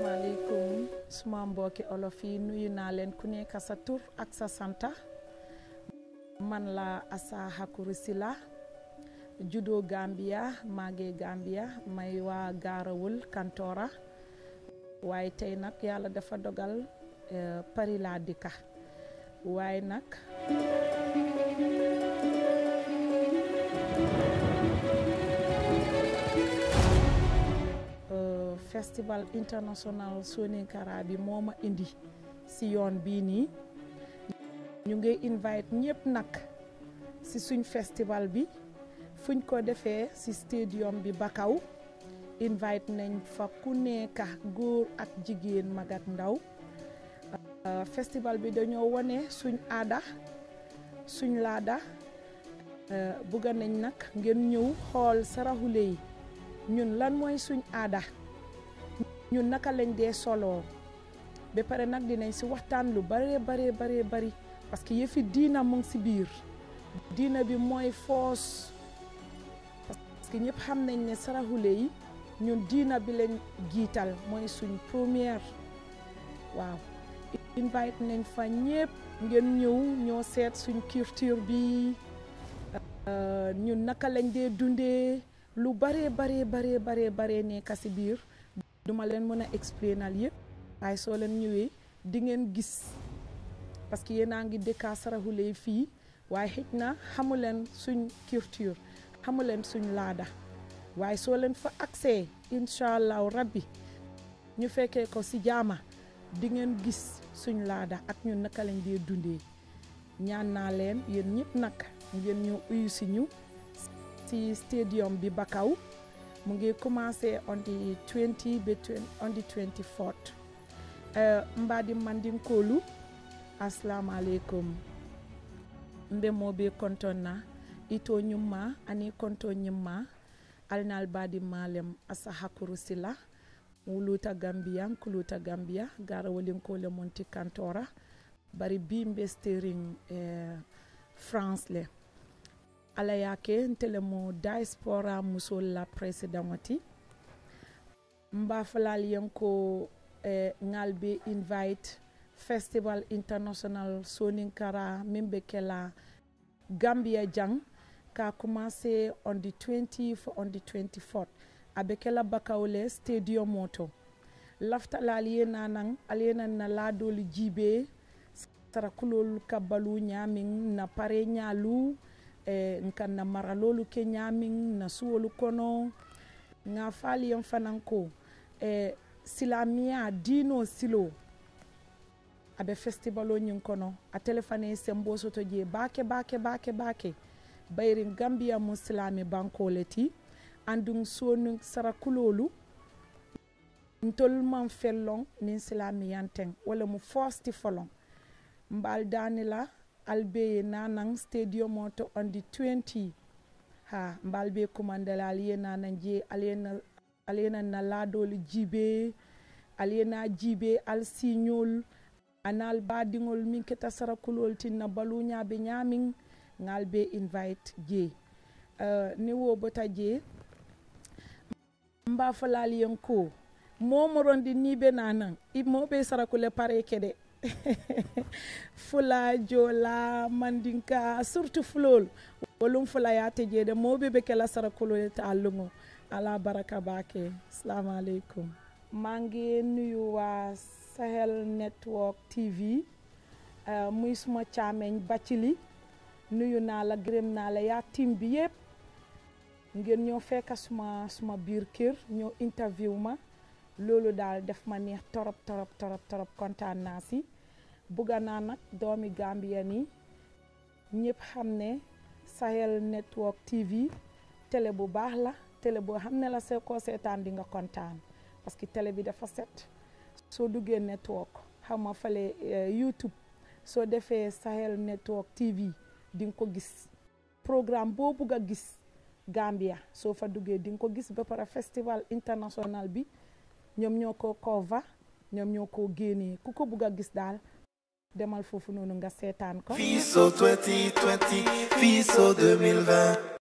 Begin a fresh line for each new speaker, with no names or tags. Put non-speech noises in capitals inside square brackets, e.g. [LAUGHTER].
asalaamaaleykum suma mbokki olof yi nuyu naa leen ku nekk sa tur ak sa santa man la Asa Hakouri Sila judo Gambia màggee Gambia may waa Gaarawul Kantoora waaye tey nag yàlla dafa dogal eh, Paris laa dikka waaye nag festival international Soninkarah bi moo ma indi ci yoon bii nii ñu ngi invite ñëpp nag ci suñ festival bi fuñ ko defee si stadium bi Bakaw invite nañ fa ku nekka góor ak jigéen mag ndaw euh, festival bi dañoo wone suñ aada suñ laada euh, bëgg nañ nag ngeen ñëw xool saraxule yi ñun lan mooy suñ aada ñun naka lañ dee solo ba pare nag dinañ si waxtaan lu bëree baree baree bëri parce que yëfi diina mu si biir diina bi mooy foos parce que ñëpp xam nañ ne saraxule yi ñun diina bi lañ giital mooy suñ première waaw invite nañ fa ñëpp ngeen ñëw ñoo seet suñ culture bi euh, ñu naka lañ dee dundee lu bëree baree baree baree baree nekk si biir duma leen mën a expliquer nal yëpp waaye soo leen ñëwee di ngeen gis parce que yéen a ngi dëkkaa saraxule fii waaye xëj na xamu leen suñ culture xamu leen suñ laada waaye soo leen fa accès incha allahu rabbi ñu fekkee ko si jaama di ngeen gis suñ laada ak ñu naka lañ dee dundee ñaan naa leen yéen ñëpp nag ngeen ñëw uyu si ñu si stadium bi ba kaw mu ngi commencé on the 20 between on the 24th mbaadi kolu assalamu aleykum mbe moo be konton na ito nyuma ani konto nyuma alnal badi malem asa hakuru sila wuluta gambia kuluta gambia gara wolinkoole monti kantora bari bi mbe steering eh, france le ala y'a kɛ n diaspora musow la précédemment n b'a falal yen eh, ngal invite festival international soninkara min be gambia jang ka commencé on the 20 th on the 24 th abekela kɛla bakawle stadium moto laftala ali ye nanan ali ye nan na laadolu jibe sarakulolu ka balu ɲamin na pare ɲalu Eh, nkana na maralolu kɛ ɲaamin nasuwolu kɔnɔ nka faliyan fana ko eh, silamiya dino silo a bɛ festivalo ɲin kɔnɔ a tele ye sembo soto je baake baake baake baake bayirin gambiya mu silami banko le ti an dun sonu sarakulolu ntolu man fɛn ni silamiyan tɛn wala mu fɔsti fɔlɔn n b'al daani la albe nanang stadium moto on the 20 ha mbalbe kumandala aliye nanan je aliyena na ladol jibe aliyena jibe alsiñol anal badiŋol min ke tasarakulol tinna baluñaɓe ñamin ngal be invite je uh, ni wo bota je mba falaliyen ko momorondi niɓe nanan moɓe sarakule pare kede [LAUGHS] fula jola mandinka surtout fulol wolum fula yate jede moɓe ɓe kela sara kolole ta allugo ala baraka bake assalamu aleykum mangi nuyu wa sahel network tv eh, muy suma caameñ bacili nuyu naa la gërëm naa la yaa tim bi yëpp ngeen ñoo fekka suma suma biir kër ñoo interview ma loolu daal def ma neex torop torop torop torop kontaan naa si bugga naa nag doomi Gambien yi ñëpp xam ne Sahel Network TV télé bu baax la télé boo xam ne la see koo seetaan di nga kontaan parce que télé bi dafa set soo duggee network xam nga fale eh, YouTube soo defee Sahel Network TV di nga ko gis programme boo bugg gis Gambia soo fa duggee di nga ko gis ba pare festival international bi ñoom ñoo ko cover ñoom ñoo ko génnee ku ko bugg a gis daal demal foofu noonu nga seetaan ko. FISO 2020 FISO 2020.